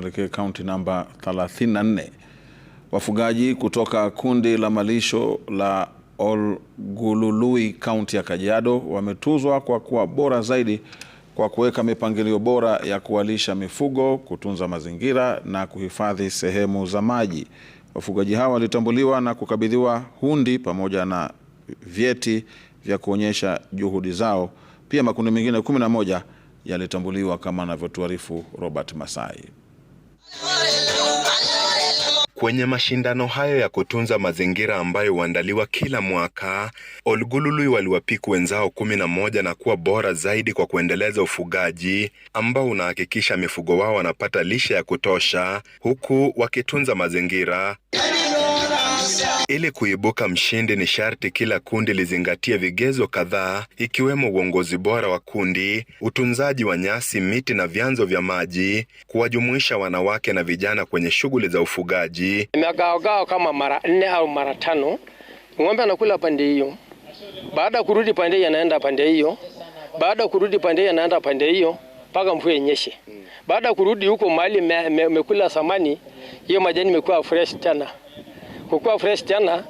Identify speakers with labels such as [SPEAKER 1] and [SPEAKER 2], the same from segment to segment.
[SPEAKER 1] Elekee kaunti namba 34. Wafugaji kutoka kundi la malisho la Olgulului kaunti ya Kajiado wametuzwa kwa kuwa bora zaidi kwa kuweka mipangilio bora ya kuwalisha mifugo, kutunza mazingira na kuhifadhi sehemu za maji. Wafugaji hao walitambuliwa na kukabidhiwa hundi pamoja na vyeti vya kuonyesha juhudi zao. Pia makundi mengine 11 yalitambuliwa kama anavyotuarifu Robert Masai. Kwenye mashindano hayo ya kutunza mazingira ambayo huandaliwa kila mwaka, Olgulului waliwapiku wenzao kumi na moja na kuwa bora zaidi kwa kuendeleza ufugaji ambao unahakikisha mifugo wao wanapata lishe ya kutosha huku wakitunza mazingira. Ili kuibuka mshindi, ni sharti kila kundi lizingatie vigezo kadhaa, ikiwemo uongozi bora wa kundi, utunzaji wa nyasi, miti na vyanzo vya maji, kuwajumuisha wanawake na vijana kwenye shughuli za ufugaji.
[SPEAKER 2] Imegaogao kama mara nne au mara tano, ng'ombe anakula pande hiyo, baada ya kurudi pande hiyo anaenda pande hiyo, baada ya kurudi pande hiyo anaenda pande hiyo mpaka mvua inyeshe. Baada ya kurudi huko mahali mekula me, me, samani hiyo majani imekuwa fresh tena kuwa fresh tena,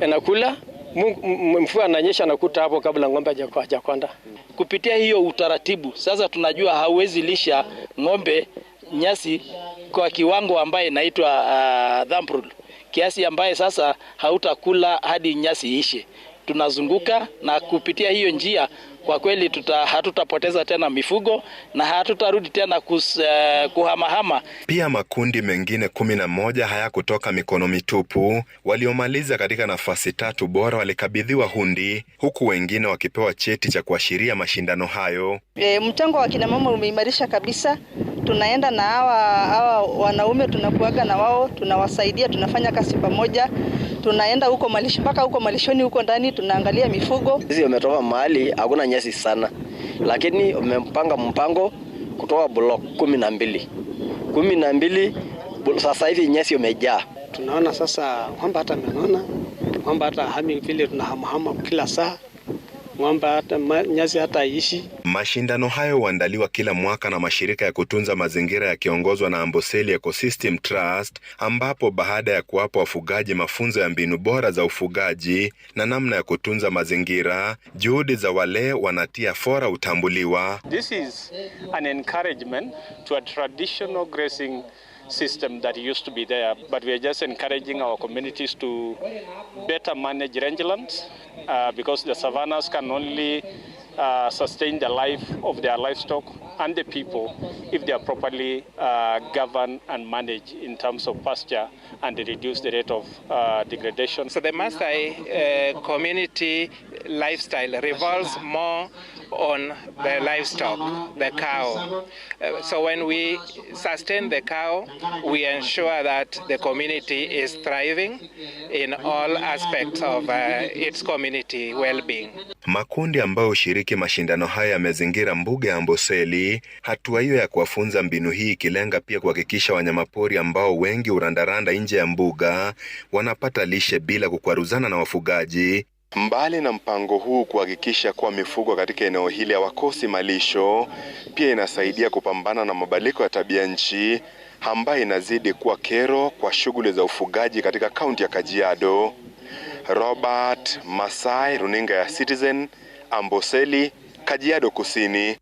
[SPEAKER 2] anakula mfua ananyesha nakuta hapo kabla ng'ombe hajakonda. Kupitia hiyo utaratibu sasa, tunajua hauwezi lisha ng'ombe nyasi kwa kiwango ambaye inaitwa uh, ah, thumb rule kiasi ambaye sasa hautakula hadi nyasi ishe tunazunguka, na kupitia hiyo njia kwa kweli tuta, hatutapoteza tena mifugo na hatutarudi tena kus, uh, kuhamahama.
[SPEAKER 1] Pia makundi mengine kumi na moja hayakutoka mikono mitupu. Waliomaliza katika nafasi tatu bora walikabidhiwa hundi huku wengine wakipewa cheti cha kuashiria mashindano hayo.
[SPEAKER 3] E, mchango wa kina mama umeimarisha kabisa. Tunaenda na hawa hawa wanaume, tunakuaga na wao, tunawasaidia, tunafanya kazi pamoja tunaenda huko malisho mpaka huko malishoni huko ndani tunaangalia mifugo.
[SPEAKER 4] Sisi umetoka mahali hakuna nyasi sana, lakini umempanga mpango kutoka block kumi na mbili kumi na mbili sasa hivi nyasi umejaa.
[SPEAKER 5] Tunaona sasa kwamba hata meng'ona kwamba hata hami vile tunahamahama kila saa mwamba hata nyasi hata ishi.
[SPEAKER 1] Mashindano hayo huandaliwa kila mwaka na mashirika ya kutunza mazingira yakiongozwa na Amboseli Ecosystem Trust, ambapo baada ya kuwapa wafugaji mafunzo ya mbinu bora za ufugaji na namna ya kutunza mazingira, juhudi za wale wanatia fora utambuliwa.
[SPEAKER 6] This is an encouragement to a traditional grazing system that used to be there. But we are just encouraging our communities to better manage rangelands uh, because the savannas can only uh, sustain the life of their livestock and the people if they are properly uh, governed and managed in terms of pasture and reduce the rate of uh, degradation.
[SPEAKER 7] So the Maasai uh, community lifestyle revolves more on the livestock, the cow. Uh, so when we sustain the cow, we ensure that the community is thriving in all aspects of uh, its community well-being.
[SPEAKER 1] Makundi ambayo hushiriki mashindano haya yamezingira mbuga ya Amboseli, hatua hiyo ya kuwafunza mbinu hii ikilenga pia kuhakikisha wanyamapori ambao wengi urandaranda nje ya mbuga wanapata lishe bila kukwaruzana na wafugaji Mbali na mpango huu kuhakikisha kuwa mifugo katika eneo hili hawakosi malisho, pia inasaidia kupambana na mabadiliko ya tabia nchi ambayo inazidi kuwa kero kwa shughuli za ufugaji katika kaunti ya Kajiado. Robert Masai, runinga ya Citizen, Amboseli, Kajiado Kusini.